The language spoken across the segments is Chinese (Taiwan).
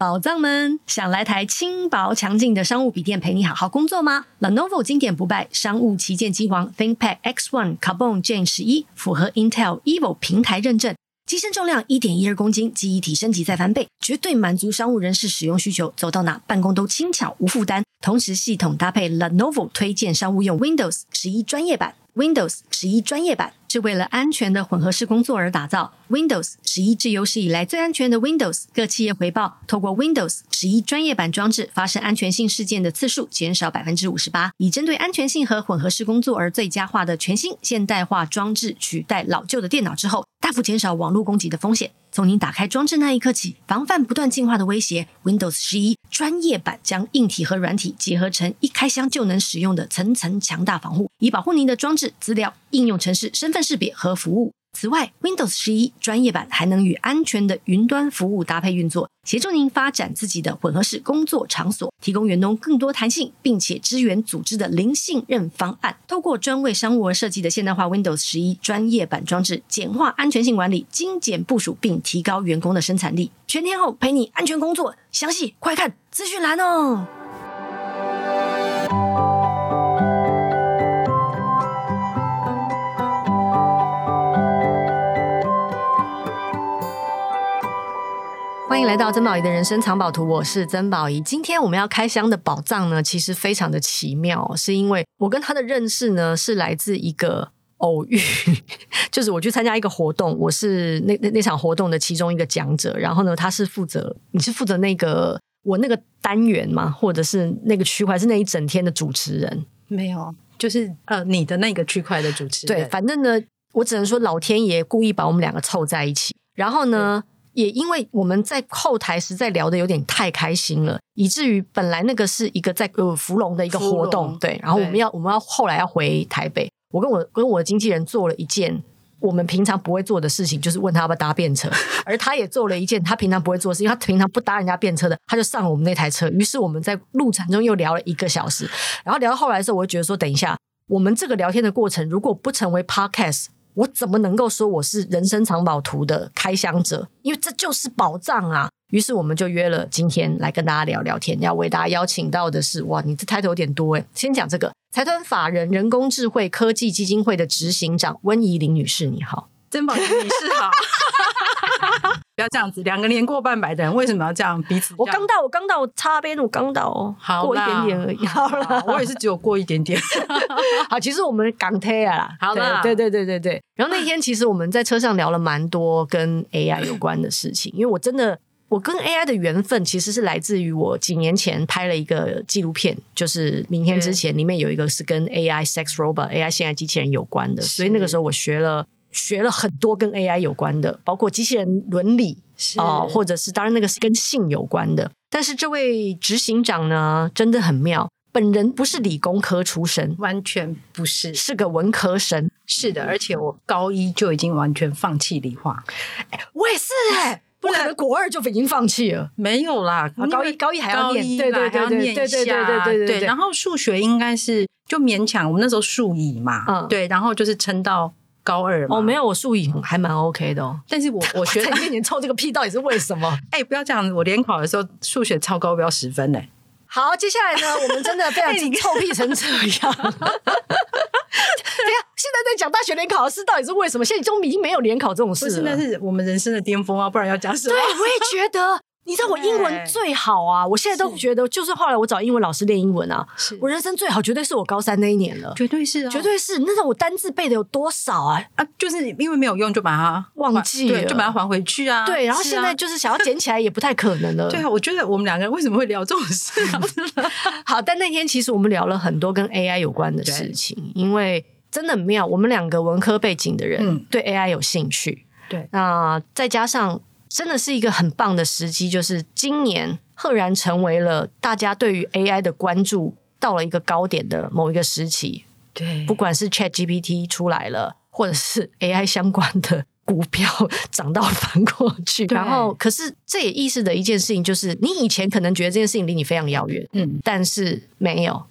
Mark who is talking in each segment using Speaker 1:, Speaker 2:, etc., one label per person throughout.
Speaker 1: 寶藏們想來台輕薄強勁的商務筆電陪你好好工作嗎？Lenovo 經典不敗商務旗艦機皇 ThinkPad X1 Carbon Gen 11，符合 Intel Evo 平台認證，機身重量1.12公斤，記憶體升級再翻倍，絕對滿足商務人士使用需求，走到哪辦公都輕巧無負擔。同時系統搭配 Lenovo 推薦商務用 Windows 11專業版。Windows 十一專業版是為了安全的混合式工作而打造。Windows 十一是有史以來最安全的 Windows。各企業回報，透過 Windows 十一專業版裝置發生安全性事件的次數減少百分之五十八，以針對安全性和混合式工作而最佳化的全新現代化裝置取代老舊的電腦之後，大幅減少網絡攻擊的風險。從您打開裝置那一刻起，防範不斷進化的威脅，Windows 11專業版將硬體和軟體結合成一開箱就能使用的層層強大防護，以保護您的裝置、資料、應用程式、身份識別和服務。此外，Windows 十一專業版還能與安全的雲端服務搭配運作，協助您發展自己的混合式工作場所，提供員工更多彈性，並且支援組織的零信任方案。透過專為商務而設計的現代化 Windows 十一專業版裝置，簡化安全性管理，精簡部署，並提高員工的生產力。全天候陪你安全工作。詳細快看資訊欄哦。歡迎來到曾寶儀的人生藏寶圖，我是曾寶儀。今天我們要開箱的寶藏呢，其實非常的奇妙，是因為我跟他的認識呢，是來自一個偶遇。就是我去參加一個活動，我是那那那場活動的其中一個講者，然後呢，他是負責，你是負責那個我那個單元嗎？或者是那個區塊？是那一整天的主持人？
Speaker 2: 沒有，就
Speaker 1: 是呃，你的那個區塊的主持人。對，反正呢，我只能說老天爺故意把我們兩個湊在一起，然後呢。也因為我們在後台實在聊得有點太開心了，以至於本來那個是一個在呃福隆的一個活動，對，然後我們要我們要後來要回台北，我跟我跟我的經紀人做了一件我們平常不會做的事情，就是問他要不要搭便車，而他也做了一件他平常不會做的事情，他平常不搭人家便車的，他就上了我們那台車，於是我們在路程中又聊了一個小時，然後聊到後來的時候，我就覺得說，等一下，我們這個聊天的過程如果不成為 podcast。我怎麼能夠說我是人生藏寶圖的開箱者？因為這就是寶藏啊！於是我們就約了今天來跟大家聊聊天。要為大家邀請到的是，哇，你這抬頭有點多哎。先講這個財團法人人工智慧科技基金會的執行長溫怡玲女士，你好，曾寶
Speaker 2: 儀女士好。 不要這樣子，兩個年過半百的人為什麼要這樣彼此樣？我剛到，我剛到，擦邊，我剛到，好過一點點而已。好了，我也是只有過一點點。
Speaker 1: 好，其實我們港鐵啊，好的對，對對對對對。然後那天其實我們在車上聊了蠻多跟 AI 有關的事情， 因為我真的，我跟 AI 的緣分其實是來自於我幾年前拍了一個紀錄片，就是《明天之前》，裡面有一個是跟 AI sex robot AI 性愛機器人有關的，所以那個時候我學了。學了很多跟 AI 有關的，包括機器人倫理哦、呃，或者是當然那個是跟性有關的。但是這位執行長呢，真的很妙，本人不是理工科出
Speaker 2: 身，完全不是，是個文科生。是的，而且我高一就已經完全放棄理化。欸，我也是哎、欸，我可能國二就已經放棄了、欸欸、了。沒有啦，啊、高一、嗯、高一還要念對對對對對對對對。對然後數學應該是就勉強，我們那時候數乙嘛，嗯，對，然後就是撐到。高二哦，沒有，我數乙還蠻 OK 的哦，但是我 我學了一年臭這個屁到底是為什麼？哎、 欸，不要這樣，我聯考的時候數學超高標十分嘞、
Speaker 1: 欸。好，接下來呢，我們真的非常臭屁成這樣。對、欸、呀， 現在在講大學聯考的事到底是為什麼？現在已經沒有聯考這種事了。那是，是我們人生的巔峰啊，不然要加什麼？對，我也覺得。你知道我英文最好啊！我現在都覺得，就是後來我找英文老師練英文啊，我人生最好絕對是我高三
Speaker 2: 那一年了，絕對是、啊，絕對是。那時候我單字背的有多少啊？啊，就是因為沒有用，就把它忘記了，就把它還回去啊。對，然後現在就是
Speaker 1: 想要撿起來也不太可能了。啊對啊，我覺得我們兩個人為什麼會聊這種事、啊？ 好，但那天其實我們聊了很多跟 AI 有關的事情，因為真的很妙，我們兩個文科背景的人對 AI 有興趣。對、嗯，那再加上。真的是一個很棒的時機，就是今年赫然成為了大家對於 AI 的關注到了一個高點的某一個時期。對，不管是 ChatGPT 出來了，或者是 AI 相關的股票漲到翻過去，然後可是這也意味著一件事情，就是你以前可能覺得這件事情離你非常遙遠，嗯，但是沒有。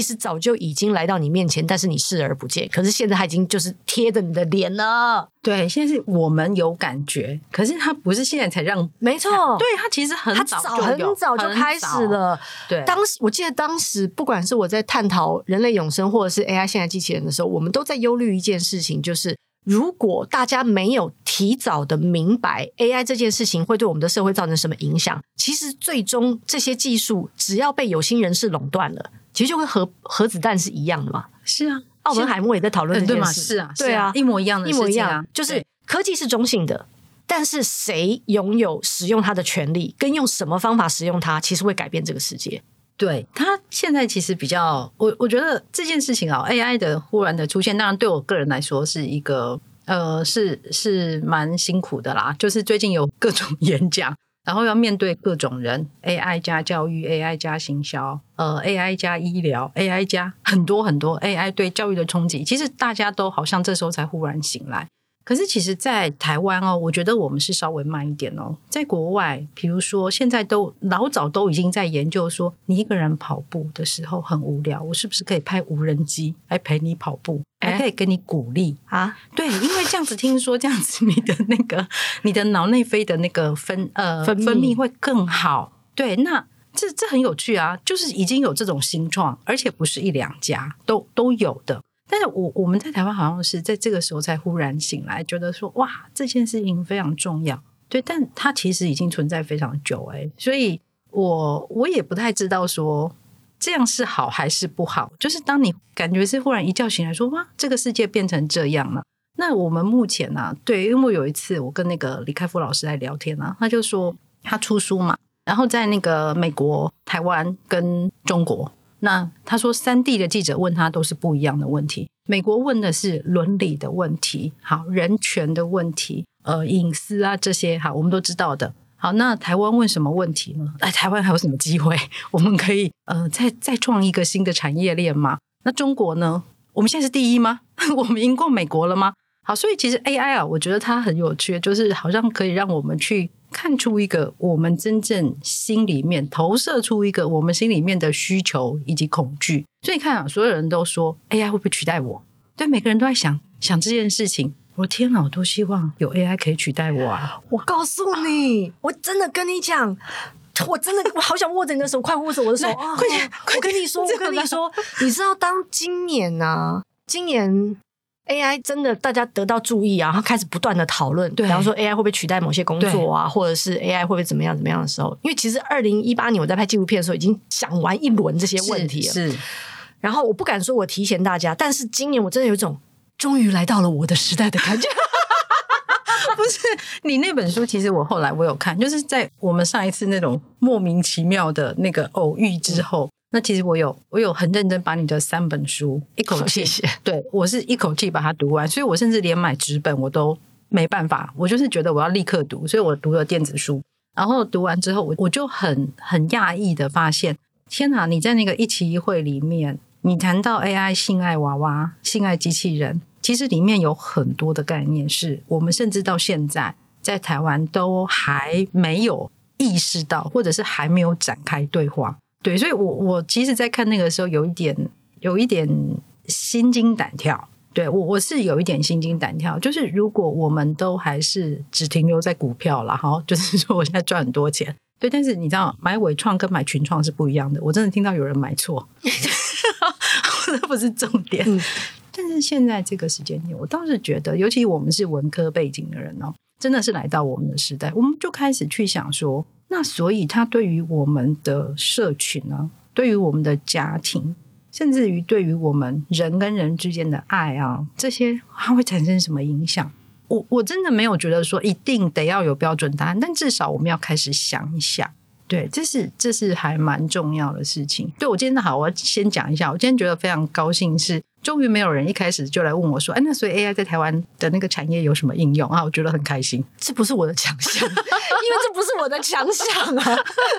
Speaker 1: 其實早就已經來到你面前，但是你視而不見。可是現在他已經就是貼着你的臉了。對，現在是
Speaker 2: 我們有感覺，可是他不是現在才讓，沒錯。他，對，他其實很早很早，很早就開始了。對，當時我記得當時，不管是我在探討人類永
Speaker 1: 生或者是 AI 現在機器人的時候，我們都在憂慮一件事情，就是如果大家沒有提早的明白 AI 這件事情會對我們的社會造成什麼影響，其實最終這些技術只要被有心人士壟斷了。其實就跟核核子彈是一樣的嘛。是啊，奧本海默也在討論這件事。嗯，對嘛，是啊，是啊，對啊，一模一樣的。啊，一模一樣，就是科技是中性的，但是誰擁有使用它的權利，跟用什麼方法使用它，
Speaker 2: 其實會改變這個世界。對，它現在其實比較，我我覺得這件事情啊，AI 的忽然的出現，當然對我個人來說是一個呃，是是蠻辛苦的啦，就是最近有各種演講。然後要面對各種人，AI 加教育，AI 加行銷，呃，AI 加醫療，AI 加，很多很多 AI 對教育的衝擊，其實大家都好像這時候才忽然醒來。可是其實，在台灣哦，我覺得我們是稍微慢一點哦。在國外，比如說現在都老早都已經在研究說，你一個人跑步的時候很無聊，我是不是可以派無人機來陪你跑步，還可以給你鼓勵、欸、啊？對，因為這樣子，聽說這樣子你的那個你的腦內啡的那個分呃分泌，分泌會更好。對，那這這很有趣啊，就是已經有這種新創，而且不是一兩家都都有的。但是我我們在台灣好像是在這個時候才忽然醒來，覺得說哇，這件事情非常重要。對，但它其實已經存在非常久誒、欸。所以我我也不太知道說這樣是好還是不好。就是當你感覺是忽然一覺醒來說哇，這個世界變成這樣了。那我們目前呢、啊？對，因為有一次我跟那個李開復老師在聊天呢、啊，他就說他出書嘛，然後在那個美國、台灣跟中國。那他說，三地的記者問他都是不一樣的問題。美國問的是倫理的問題，好，人權的問題，呃，隱私啊這些，哈，我們都知道的。好，那台灣問什麼問題呢？誒、呃，台灣還有什麼機會？我們可以呃，再再創一個新的產業鏈嗎？那中國呢？我們現在是第一嗎？ 我們贏過美國了嗎？好，所以其實 AI 啊，我覺得它很有趣，就是好像可以讓我們去。看出一個我們真正心裡面投射出一個我們心裡面的需求以及恐懼，所以你看啊，所有人都說，AI 會不會取代我？對，每個人都在想想這件事情。我天哪，我多希望有 AI 可以取代我啊！我，
Speaker 1: 我告訴你、啊，我真的跟你講，我真的我好想握着你的手， 快握着我的手、啊、快點、哦，我跟你說，我跟你說，你知道，當今年啊，今年。AI 真的，大家得到注意啊，然後開始不斷的討論，比方說 AI 會不會取代某些工作啊，或者是 AI 會不會怎麼樣怎麼樣的時候，因為其實二零一八年我在拍紀錄片的時候，已經想玩一輪這些問題了是。是，然後我不敢說我提
Speaker 2: 醒大家，但是今年我真的有一種終於來到了我的時代的感覺。不是，你那本書其實我後來我有看，就是在我們上一次那種莫名其妙的那個偶遇之後。嗯那其實我有，我有很認真把你的三本書一口氣， 對我是一口氣把它讀完，所以我甚至連買紙本我都沒辦法，我就是覺得我要立刻讀，所以我讀了電子書。然後讀完之後，我我就很很訝異的發現，天哪、啊！你在那個一期一會裡面，你談到 AI 性愛娃娃、性愛機器人，其實裡面有很多的概念是，是我們甚至到現在在台灣都還沒有意識到，或者是還沒有展開對話。對，所以我，我我其實在看那個時候，有一點，有一點心驚膽跳。對我，我是有一點心驚膽跳。就是如果我們都還是只停留在股票了，哈，就是說我現在賺很多錢。對，但是你知道，買尾創跟買群創是不一樣的。我真的聽到有人買錯，那 不是重點，嗯。但是現在這個時間點，我倒是覺得，尤其我們是文科背景的人哦，真的是來到我們的時代，我們就開始去想說。那所以，它對於我們的社群啊，對於我們的家庭，甚至於對於我們人跟人之間的愛啊，這些它會產生什麼影響？我我真的沒有覺得說一定得要有標準答案，但至少我們要開始想一想，對，這是這是還蠻重要的事情。對我今天的好，我要先講一下，我今天覺得非常高興是。終於沒有人一開始就來問我說：“哎、啊，那所以 AI 在台灣的那個產業有什麼應用啊？”我覺得很開心，這不是我的強項，
Speaker 1: 因為這不是我的強項啊。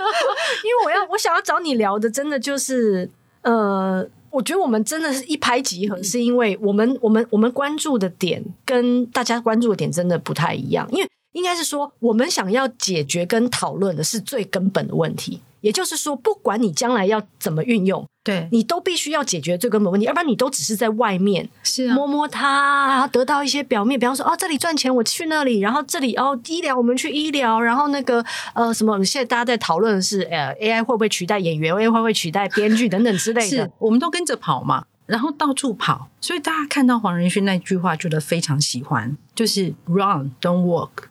Speaker 1: 因為我要我想要找你聊的，真的就是，呃，我覺得我們真的是一拍即合，是因為我們、嗯、我們我們關注的點跟大家關注的點真的不太一樣，因為。應該是說，我們想要解決跟討論的是最根本的問題。也就是說，不管你將來要怎麼運用，對，你都必須要解決最根本的問題，要不然你都只是在外面是摸摸它、啊，然後得到一些表面。比方說，哦，這裡賺錢，我去那裡；然後這裡哦，醫療，我們去醫療；然後那個呃，什麼？現在大家在討論的是，呃
Speaker 2: ，AI 會不會取代演員？AI 會不會取代
Speaker 1: 編劇？等等之類的。是，
Speaker 2: 我們都跟着跑嘛，然後到處跑。所以大家看到黃仁勳那句話，覺得非常喜歡，就是 Run，don't walk。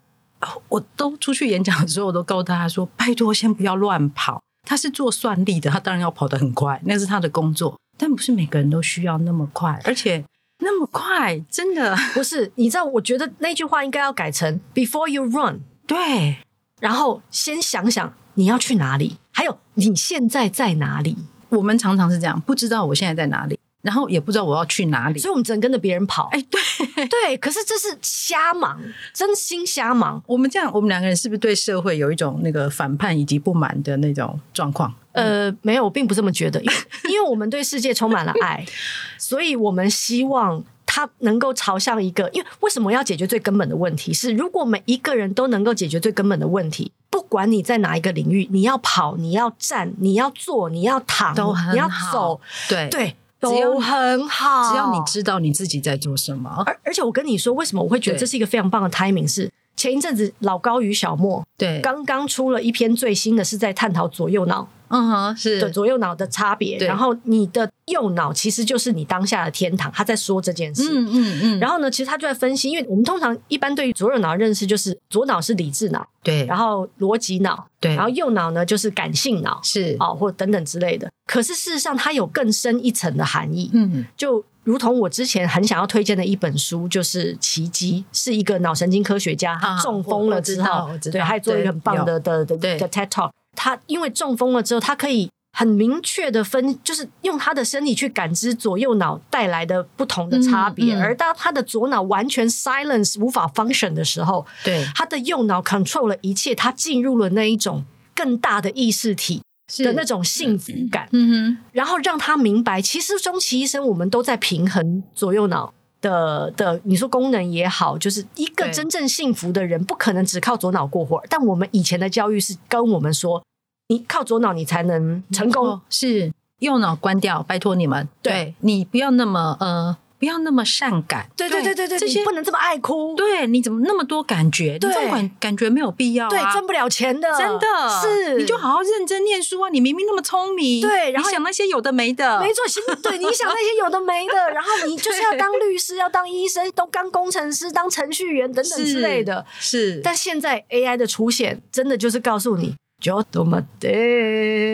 Speaker 2: 我都出去演講的時候，我都告訴大家說：“拜托，先不要亂跑。”他是做算力的，他當然要跑得很快，那是他的工作。但不是每個人都需要那麼快，而且
Speaker 1: 那麼快真的不是。你知道，我覺得那句話應該要改成 “before you run”，對，然後先想想你要去哪裡，
Speaker 2: 還有你現在在哪裡。我們常常是這樣，不知道我現在在哪裡。然後也不知道我要去哪裡，所以我們只能跟着別人跑。哎，對 對，可是這是瞎忙，真心瞎忙。我們這樣，我們兩個人是不是對社會有一種那個反叛以及不滿的那種狀況？呃，沒有，我並不這麼覺得，因為， 因為我們對世界充滿了愛，
Speaker 1: 所以我們希望它能夠朝向一個。因為為什麼要解決最根本的問題？是如果每一個人都能夠解決最根本的問題，不管你在哪一個領域，你要跑，你要站，你要坐，你要躺，都很好，你要走，對對。都很好，只要你知道你自己在做什麼。而而且我跟你說，為什麼我會覺得這是一個非常棒的 timing？是前一陣子老高與小茉，對，剛剛出了一篇最新的是在探討左右腦。嗯哼是左右腦的差別，然後你的右腦其實就是你當下的天堂，他在說這件事，嗯嗯嗯。然後呢，其實他就在分析，因為我們通常一般對於左右腦認識就是左腦是理智腦，對，然後邏輯腦，對，然後右腦呢就是感性腦，是哦，或者等等之類的。可是事實上，它有更深一層的含義。嗯，就如同我之前很想要推薦的一本書，就是《奇蹟》，是一個腦神經科學家、啊、中風了之後，對,對，還做了一個很棒的的的的 TED Talk 他因為中風了之後，他可以很明確的分，就是用他的身體去感知左右腦帶來的不同的差別，而當他的左腦完全 silence 無法 function 的時候，對，他的右腦 control 了一切，他進入了那一種更大的意識體的那種幸福感。嗯哼，然後讓他明白，其實終其一生，我們都在平衡左右腦。的的，你說功能也好，就是一個真正幸福的人，不可能只靠左腦過活。但我們以前的教育是跟我們說，你靠左
Speaker 2: 腦你才能成功，哦、是右腦關掉，拜托你們，對，對你不要那麼呃。不要那麼善感，對對對對對，這些不能這麼愛哭。對，你怎麼那麼多感覺？對，你這種感感覺沒有必要啊，對，賺不了錢的，真的是。你就好好認真念書啊！你明明那麼聰明，對，然後，你想那些有的沒的，沒錯， 對，你想那些有的沒
Speaker 1: 的， 然後你就是要當律師， 要當醫生，都當工程師，當程序員等等之類的，
Speaker 2: 是。是，但現在 AI 的出現，
Speaker 1: 真的就是告訴你。就都沒得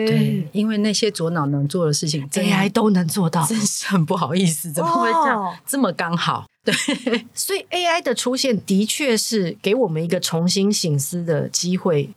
Speaker 2: 對，因為那些左腦能做的事情，AI 都能做到，真是很不好意思，怎麼會這樣、oh, 這麼剛好？對， 所以 AI 的出現的確是給我們一個重新省思的機會。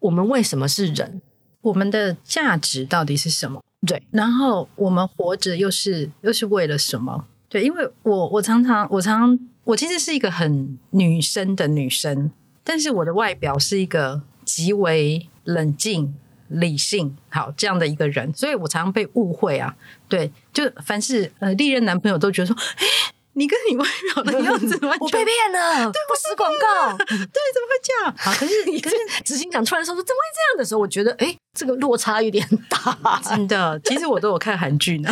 Speaker 2: 我們為什麼是人？我們的價值到底是什麼？對，然後我們活着又是又是為了什麼？對，因為我我常常我常常我其實是一個很女生的女生，但是我的外表是一個極為。冷靜、理性，好這樣的一個人，所以我常常被誤會啊。對，就凡是呃歷任男朋友都覺得說，哎、欸，你跟你外表的樣子完全、嗯、我被騙了，對不實廣告，
Speaker 1: 對。對，怎麼會這樣？好、啊，可是，可是你跟執行長突然說怎麼會這樣的時候，我覺得哎、欸，這個落
Speaker 2: 差有點大、啊。真的，其實我都有看韓劇呢。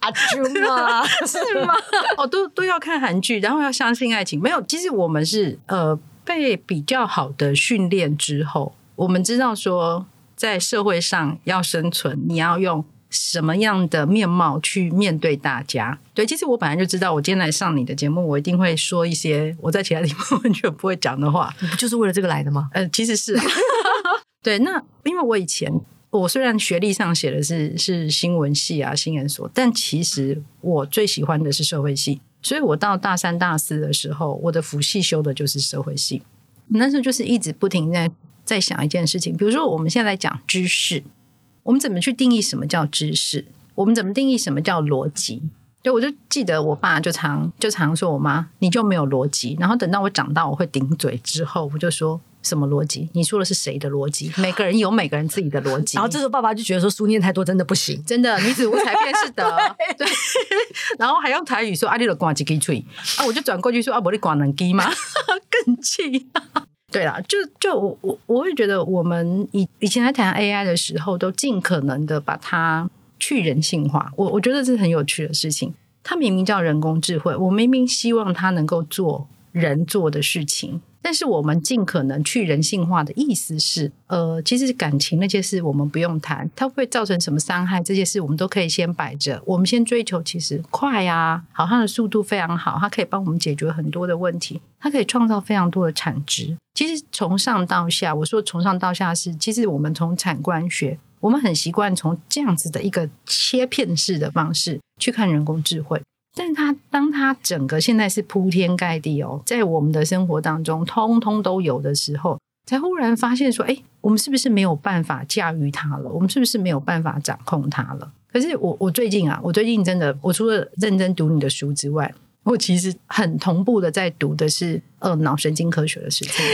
Speaker 2: 阿朱啊，是嗎？ 哦，都都要看韓劇，然後要相信愛情。沒有，其實我們是呃。被比較好的訓練之後，我們知道說，在社會上要生存，你要用什麼樣的面貌去面對大家？對，其實我本來就知道，我今天來上你的節目，我一定會說一些我在其他地方完全不會講的話，你不就是為了這個來的嗎？嗯、呃，其實是， 對。那因為我以前，我雖然學歷上寫的是是新聞系啊、新聞所，但其實我最喜歡的是社會系。所以我到大三大四的時候，我的輔系修的就是社會系。那時候就是一直不停在在想一件事情，比如說我們現在講知識，我們怎麼去定義什麼叫知識？我們怎麼定義什麼叫邏輯？就我就記得我爸就常就常說：“我媽你就沒有邏輯。”然後等到我長大我會頂嘴之後，我就說。什麼邏輯？你說的是誰的邏輯？每個人有每個人自己的邏輯。然後這時候爸爸就覺得說，書念太多真的不行，真的女子無才便是德。 對，對 然後還用台語說阿、啊、你都關一支嘴啊，我就轉過去說啊，不然你關兩支嘛， 更氣、啊。對啦，就就我我會覺得我們以以前在談 AI 的時候，都盡可能的把它去人性化。我我覺得這是很有趣的事情。它明明叫人工智慧，我明明希望它能夠做人做的事情。但是我們盡可能去人性化的意思是，呃，其實感情那些事我們不用談，它會造成什麼傷害，這些事我們都可以先擺着。我們先追求其實快啊，好，它的速度非常好，它可以幫我們解決很多的問題，它可以創造非常多的產值。其實從上到下，我說從上到下是，其實我們從產官學，我們很習慣從這樣子的一個切片式的方式去看人工智慧。但是他，當他整個現在是鋪天蓋地哦，在我們的生活當中，通通都有的時候，才忽然發現說，哎，我們是不是沒有辦法駕馭它了？我們是不是沒有辦法掌控它了？可是我，我最近啊，我最近真的，我除了認真讀你的書之外，我其實很同步的在讀的是呃腦神經科學的事情，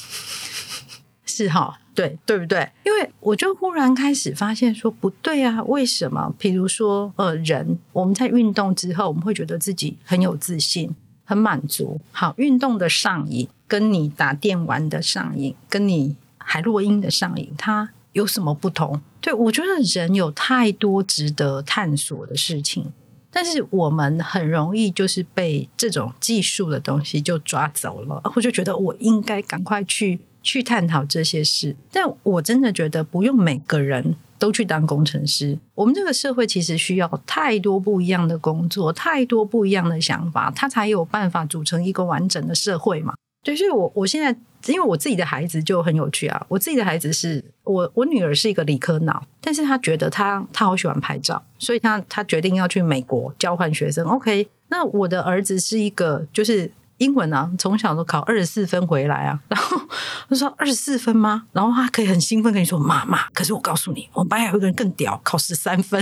Speaker 2: 是哈、哦。對，對不對？因為我就忽然開始發現說不對啊，為什麼？比如說呃，人我們在運動之後，我們會覺得自己很有自信、很滿足。好，運動的上癮，跟你打電玩的上癮，跟你海洛因的上癮，它有什麼不同？對，我覺得人有太多值得探索的事情，但是我們很容易就是被這種技術的東西就抓走了，或、啊、者覺得我應該趕快去。去探討這些事，但我真的覺得不用每個人都去當工程師。我們這個社會其實需要太多不一樣的工作，太多不一樣的想法，它才有辦法組成一個完整的社會嘛。就是我，我現在因為我自己的孩子就很有趣啊，我自己的孩子是我，我女兒是一個理科腦，但是她覺得她她好喜歡拍照，所以她她決定要去美國交換學生。OK，那我的兒子是一個就是。英文啊，從小都考二十四分回來啊，然後他說二十四分嗎？然後他可以很興奮跟你說媽媽。可是我告訴你，我們班還有一個人更屌，考十三分，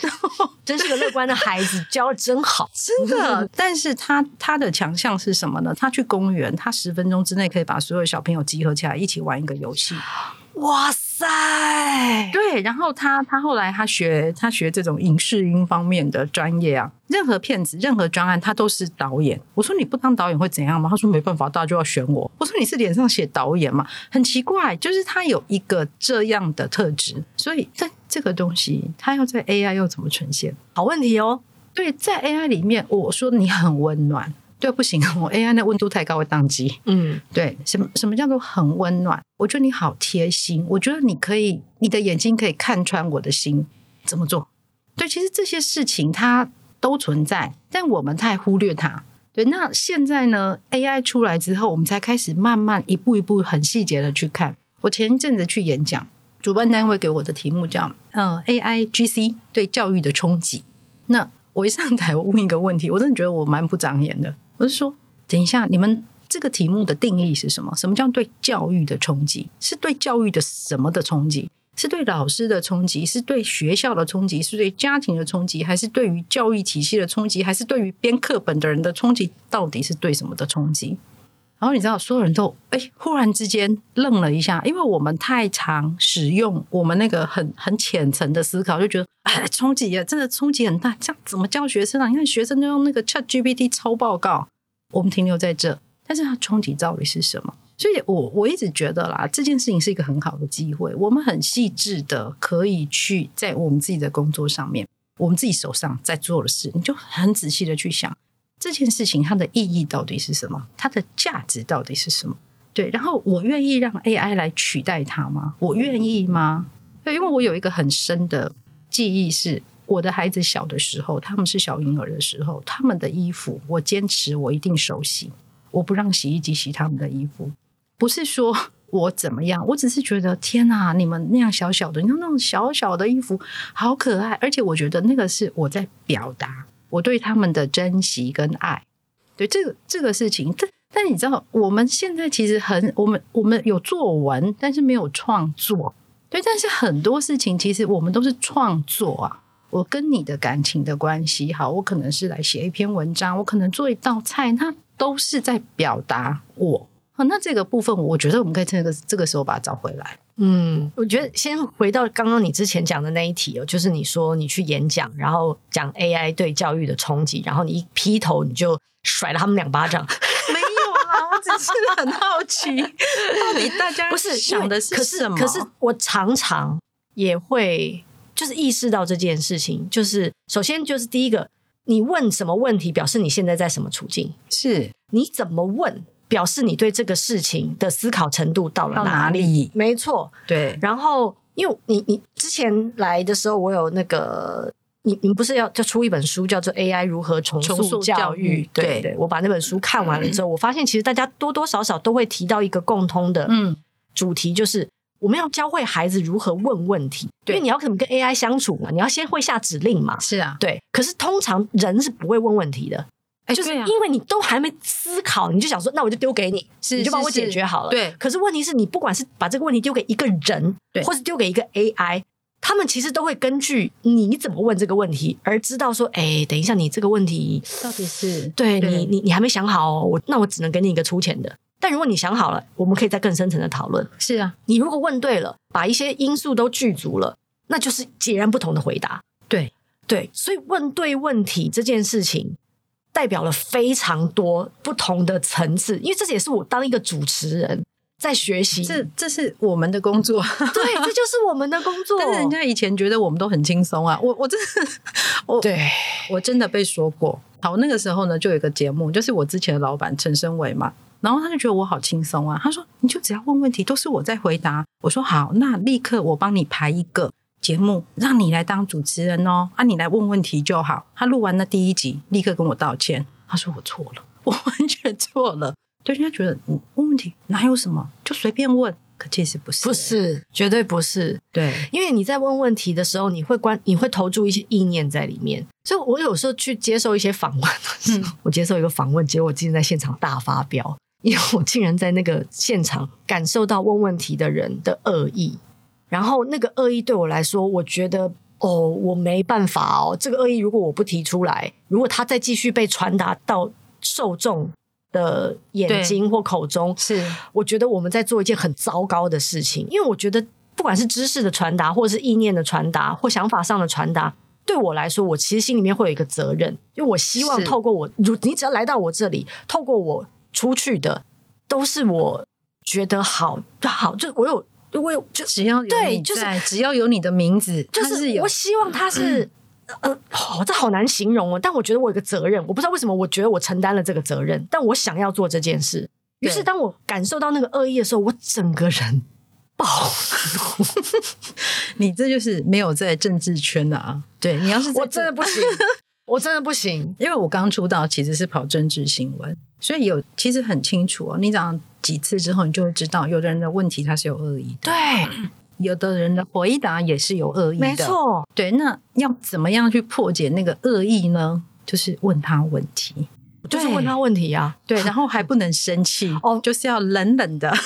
Speaker 2: 然後，真是個樂觀的孩子， 教的真好，真的。真但是他他的強項是什麼呢？他去公園，他十分鐘之內可以把所有小朋友集合起來，一起玩一個遊戲， 哇塞！在對，然後他他後來他學他學這種影視音方面的專業啊，任何片子任何專案他都是導演。我說你不當導演會怎樣嗎？他說沒辦法，大家就要選我。我說你是臉上寫導演嗎？很奇怪，就是他有一個這樣的特質，所以在這個東西，他要在 AI 又怎麼呈現？好問題哦。對，在 AI 裡面，我說你很溫暖。不行，我 AI 的溫度太高，會宕機。嗯，對，什麼什麼叫做很溫暖？我覺得你好貼心，我覺得你可以，你的眼睛可以看穿我的心。怎麼做？對，其實這些事情它都存在，但我們太忽略它。對，那現在呢？AI 出來之後，我們才開始慢慢一步一步、很細節的去看。我前一陣子去演講，主辦單位給我的題目叫“嗯，uh，AIGC 對教育的衝擊”那。那我一上台，我問一個問題，我真的覺得我蠻不長眼的。我是說，等一下，你們這個題目的定義是什麼？什麼叫對教育的衝擊？是對教育的什麼的衝擊？是對老師的衝擊？是對學校的衝擊？是對家庭的衝擊？還是對於教育體系的衝擊？還是對於編課本的人的衝擊？到底是對什麼的衝擊？然後你知道，所有人都哎、欸，忽然之間愣了一下，因為我們太常使用我們那個很很淺層的思考，就覺得，唉，衝擊啊，真的衝擊很大。這樣怎麼教學生啊？你看學生都用那個 ChatGPT 抄報告，我們停留在這。但是它衝擊到底是什麼？所以我我一直覺得啦，這件事情是一個很好的機會。我們很細緻的可以去在我們自己的工作上面，我們自己手上在做的事，你就很仔細的去想。這件事情它的意義到底是什麼？它的價值到底是什麼？對，然後我願意讓 AI 來取代它嗎？我願意嗎？對，因為我有一個很深的記憶是，是我的孩子小的時候，他們是小嬰兒的時候，他們的衣服我堅持我一定手洗，我不讓洗衣機洗他們的衣服。不是說我怎麼樣，我只是覺得天哪、啊，你們那樣小小的，你看那種小小的衣服好可愛，而且我覺得那個是我在表達。我對他們的珍惜跟愛，對這個這個事情，但但你知道，我們現在其實很，我們我們有作文，但是沒有創作，對，但是很多事情其實我們都是創作啊。我跟你的感情的關係，好，我可能是來寫一篇文章，我可能做一道菜，那都是在表達我。哦，那這個部分，我覺得我們可以趁個這個時候把它找回來。嗯，我覺得
Speaker 1: 先回到剛剛你之前講的那一題哦，就是你說你去演講，
Speaker 2: 然後講
Speaker 1: AI 對教育的衝擊，然後你一劈頭你就甩了他們兩巴掌。 沒
Speaker 2: 有啊，我只是很好奇， 到底大家不是想的是什麼是可是？可是我
Speaker 1: 常常也會就是意識到這件事情，就是首先就是第一個，你問什麼問題，表示你現在在什麼處境？是你怎麼問？表示你對這個事情的思考程度到了哪裡？哪裡沒錯，對。然後，因為你你之前來的時候，我有那個你你不是要就出一本書叫做《AI 如何重塑教育》，教育對嗯？對，我把那本書看完了之後、嗯，我發現其實大家多多少少都會提到一個共通的主題，就是、嗯、我們要教會孩子如何問問題、嗯。因為你要怎麼跟 AI 相處嘛，你要先會下指令嘛。是啊，對。可是通常人是不會問問題的。就是因為你都還沒思考，欸啊、你就想說，那我就丟給你，是是是你就幫我解決好了。對，可是問題是你不管是把這個問題丟給一個人，對或是丟給一個 AI，他們其實都會根據你怎麼問這個問題而知道說，哎、欸，等一下，你這個問題到底是對，對你，你你還沒想好哦。我那我只能給你一個粗淺的。但如果你想好了，我們可以再更深層的討論。是啊，你如果問對了，把一些因素都具足了，那就是截然不同的回答。對對，所以問對問題這件事情，代表了非常多不同的層次，
Speaker 2: 因為這也是我當一個主持人在學習，這這是我們的工作。嗯，對，這就是我們的工作。 但是人家以前覺得我們都很輕鬆啊，我我真的，我對我真的被說過。好，那個時候呢，就有個節目，就是我之前的老闆陳升偉嘛，然後他就覺得我好輕鬆啊，他說你就只要問問題，都是我在回答。我說好，那立刻我幫你排一個。節目讓你來當主持人哦，啊，你來問問題就好。他錄完了第一集，立刻跟我道歉。他說我錯了，我完全錯了。就人家覺得，嗯，你問問題哪有什麼，就隨便問。可其實不是，不是，絕對不
Speaker 1: 是。對，因為你在問問題的時候，你會關，你會投注一些意念在裡面。所以，我有時候去接受一些訪問的時候，嗯，我接受一個訪問，結果我今天在現場大發飆，因為我竟然在那個現場感受到問問題的人的惡意。然後那個惡意對我來說，我覺得哦，我沒辦法哦。這個惡意如果我不提出來，如果它再繼續被傳達到受眾的眼睛或口中，是我覺得我們在做一件很糟糕的事情。因為我覺得不管是知識的傳達，或是意念的傳達，或想法上的傳達，對我來說，我其實心裡面會有一個責任，因為我希望透過我，如你只要來到我這裡，透過我出去的，都是我覺得好，好，就我有。如果有，
Speaker 2: 就只要有
Speaker 1: 對，你在就是只要有你的名字，就是，是我希望他是，嗯、呃，好，哦，這好難形容哦。但我覺得我有個責任，我不知道為什麼，我覺得我承擔了這個責任，但我想要做這件事。
Speaker 2: 於是，當我感受到那個惡意的時候，我整個人爆哭。 你這就是沒有在政治圈的啊。對，你要是我真的不行， 我真的不行，因為我剛出道，其實是跑政治新聞，所以有其實很清楚哦。你講。幾次之後，你就會知道，有的人的問題他是有惡意的。對，有的人的回答也是有惡意的。沒錯，對。那要怎麼樣去破解那個惡意呢？就是問他問題，就是問他問題啊。對，然後還不能生氣哦，就是要冷冷的。
Speaker 1: 哦、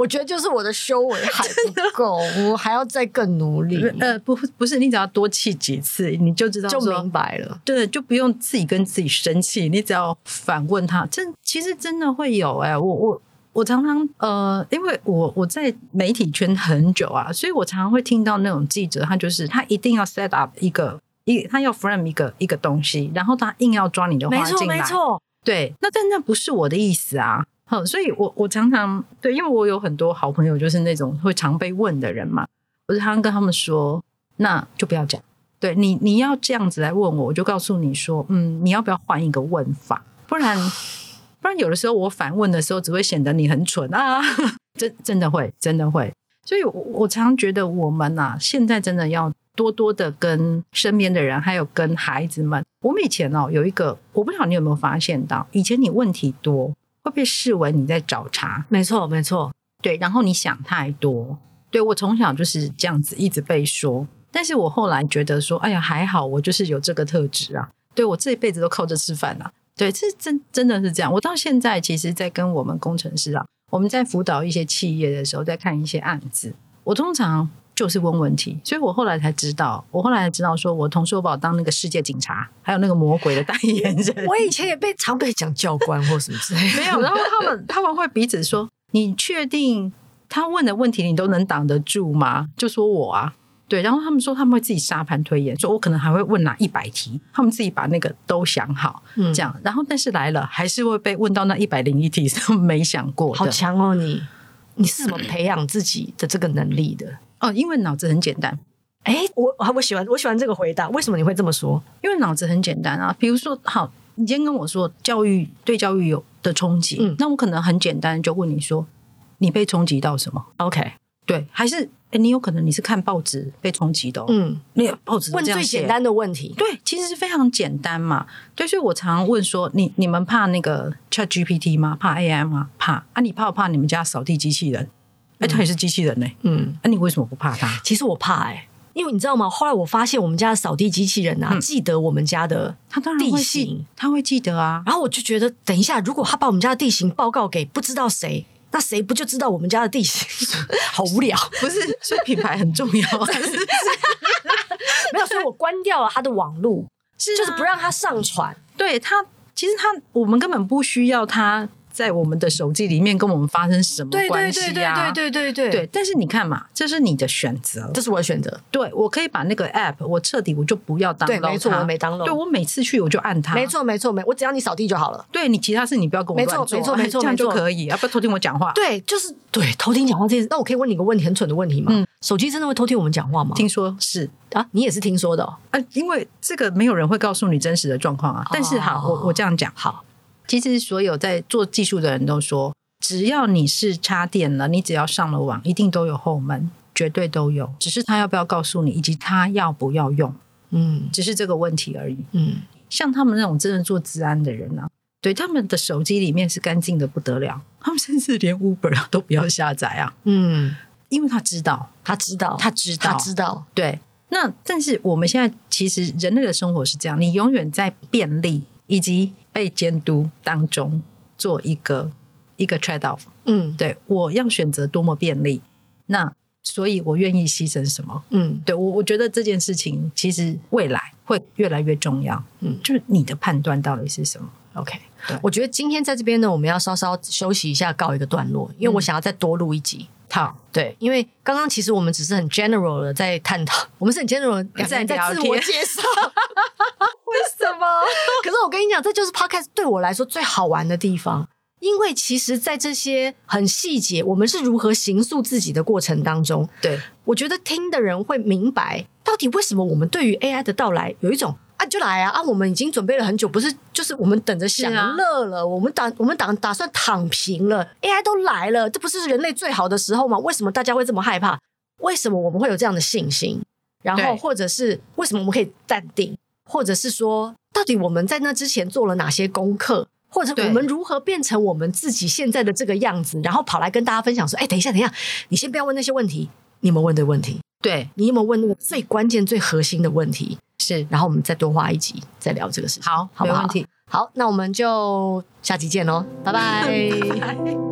Speaker 1: 我覺得就是我的修
Speaker 2: 為還不夠， 我還要再更努力。呃，不，不是，你只要多氣幾次，你就知道就明白了。對，就不用自己跟自己生氣。你只要反問他，這其實真的會有哎、欸，我我。我常常呃，因為我我在媒體圈很久啊，所以我常常會聽到那種記者，他就是他一定要 set up 一個一，他要 frame 一個一個東西，然後他硬要抓你的話進來。沒錯，沒錯，對。那但那不是我的意思啊，所以我我常常對，因為我有很多好朋友，就是那種會常被問的人嘛，我就常常跟他們說，那就不要講。對，你你要這樣子來問我，我就告訴你說，嗯，你要不要換一個問法，不然。 不然，有的時候我反問的時候，只會顯得你很蠢啊！真的真的會，真的會。所以我，我我常常覺得我們啊，現在真的要多多的跟身邊的人，還有跟孩子們。我們以前哦，有一個，我不知道你有沒有發現到，以前你問題多，會被視為你在找茬。沒錯，沒錯，對。然後你想太多，對，我從小就是這樣子一直被說。但是我後來覺得說，哎呀，還好，我就是有這個特質啊。對，我這一輩子都靠着吃飯啊。對，這真真的是這樣。我到現在，其實，在跟我們工程師啊，我們在輔導一些企業的時候，在看一些案子，我通常就是問問題，所以我後來才知道，我後來才知道，說我同事把我當那個世界警察，還有那個魔鬼的代言人。 我以前也被常被講教官或什麼之類，沒有。然後他們他們會彼此說：“你確定他問的問題你都能擋得住嗎？”就說我啊。對，然後他們說他們會自己沙盤推演，說我可能還會問哪一百題，他們自己把那個都想好，嗯、這樣。然後但是來了，還是會被問到那一百零一題是沒想過的。好強哦，你你是怎麼培養自己的這個能力的？嗯、哦，因為腦子很簡單。哎，我哎我喜歡我喜歡這個回答，為什麼你會這麼說？因為腦子很簡單啊。比如說，好，你今天跟我說教育對教育有的衝擊、嗯，那我可能很簡單就問你說，你被衝擊到什麼？OK，對，還是。欸、你有可能你是看報紙被衝擊的、哦，嗯，那個報紙問最簡單的問題，對，其實是非常簡單嘛，對，所以我常，常問說，你你們怕那個 ChatGPT 嗎？怕 AI 嗎？怕啊？你怕不怕你們家掃地機器人？哎、欸嗯，它也是機器人呢、欸。嗯，啊、你為什麼不怕它？其實我怕哎、欸，因為你知道嗎？後來我發現我們家的掃地機器人啊、嗯，記得我們家
Speaker 1: 的地形，它、嗯、當然會，會記得啊，然後我就覺得，等一下，如果他把我們家的地形報告給不知道誰。那誰不就知道我們家的地形？ 好無聊，不是？所 以品
Speaker 2: 牌很重要。 是不是 沒有，所以我關掉了他的網絡，就是不讓他上傳。對他，其實他我們根本不需要他。在我們的手機裡面跟我們發生什麼關係呀、啊？對對對對對對對,對。對，但是你看嘛，這是你的選擇，這是我的選擇。對，我可以把那個 app 我徹底我就不要當。對，沒錯，我沒當漏。對，我每次去我就按它。沒錯沒錯沒，我只要你掃地就好了。對，你其他事你不要跟我亂做。沒錯沒錯沒錯，這樣沒就可以。要、啊、不要偷聽我講話？對，
Speaker 1: 就是對偷聽講話這件事。那我可以問你一個問題，很蠢的問題嗎？嗯、手
Speaker 2: 機真的會偷聽我們講話嗎？聽說是啊，你也是聽說的、哦、啊，因為這個沒有人會告訴你真實的狀況啊。但是哈、哦，我我這樣講好。其實，所有在做技術的人都說，只要你是插電了，你只要上了網，一定都有後門，絕對都有。只是他要不要告訴你，以及他要不要用，嗯，只是這個問題而已。嗯，像他們那種真正做治安的人呢，啊，對他們的手機裡面是乾淨的不得了，他們甚至連 Uber 都不要下載啊，嗯，因為他知道，他知道，他知道，他知道。對，那但是我們現在其實人類的生活是這樣，你永遠在便利以及。被監督當中做一個一個 trade off，嗯，對，我要選擇多麼便利，那所以我願意犧牲什麼，嗯，對，我我覺得這件事情其實未來會越來越重要，嗯，就是你的判斷到底是什麼？OK，對，我覺得今天在這邊呢，我們要稍稍
Speaker 1: 休息一下，告一個段落，因為我想要再多錄一集。好、嗯，對，因為剛剛其實我們只是很 general 的在探討，我們是很 general 的自在自我介紹， 為什麼？ 可是我跟你講，這就是 Podcast 對我來說最好玩的地方，因為其實，在這些很細節，我們是如何形塑自己的過程當中，對，我覺得聽的人會明白，到底為什麼我們對於 AI 的到來有一種。啊、就來啊！啊，我們已經準備了很久，不是？就是我們等着享樂了。啊、我們打我們打打算躺平了。AI 都來了，這不是人類最好的時候嗎？為什麼大家會這麼害怕？為什麼我們會有這樣的信心？然後，或者是為什麼我們可以淡定？或者是說，到底我們在那之前做了哪些功課？或者我們如何變成我們自己現在的這個樣子？然後跑來跟大家分享說：“哎，等一下，等一下，你先不要問那些問題。你們問的問題。”對，你有沒有問那個最關鍵、最核心的問題？是，然後我們再多花一集再聊這個事情。好，好，好，沒問題。好，那我們就下集見嘍，哦，拜拜。